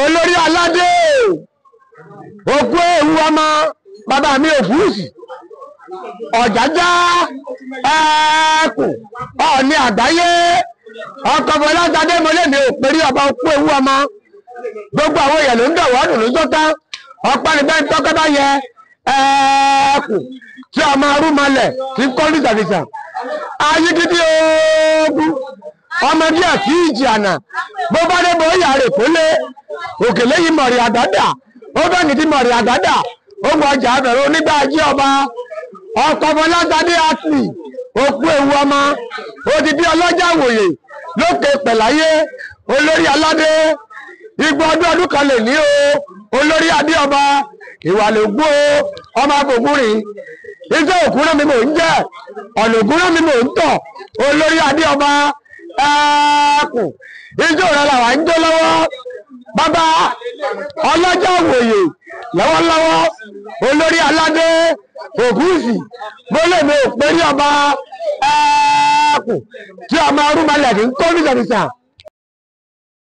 olórí aládé òkú ewu ọmọ bàbá mi òfúrúsì ọ̀jájá ọ ọ̀ọ́ni àgbáyé ọkọ̀ bọ́lájáde mọ́lẹ́mi òpèrè ọba òkú ewu ọmọ gbogbo àwọn èèyàn ló ń dọ̀wọ́ ló ń yẹ ọmọ bí àfi ìjì àná bó bá dé bó yà rè kólé òkèlè yìí mọ̀rì àdádà ó bẹ́ẹ̀ nìdí mọ̀rì àdádà ó mọ ọjà abẹ̀rẹ̀ onígbà ajé ọba ọkọ̀ ọmọládàdé àtì òkú ewu ọmọ odidi ọlọ́jà wòye lókè pẹ̀láyé olórí aládé igbó ọdún ọdún kan lè ní o olórí adé ọba ìwà lè ọmọ abògúnrin ìjọ òkúrán mi mò ń jẹ ọ̀nà òkúrán mi mò ń tọ̀ olórí adé ọba ẹ̀ẹ́kùn ijó rẹ̀ làwà ń jó lọ́wọ́ bàbá ọlọ́jọ́ òwòye lọ́wọ́lọ́wọ́ olórí aládé ògúsì mọ́lẹ́mi òpérí ọba ẹ̀ẹ́kùn tí ọmọ arúmalẹ̀ ní kọ́mísọ̀rìsà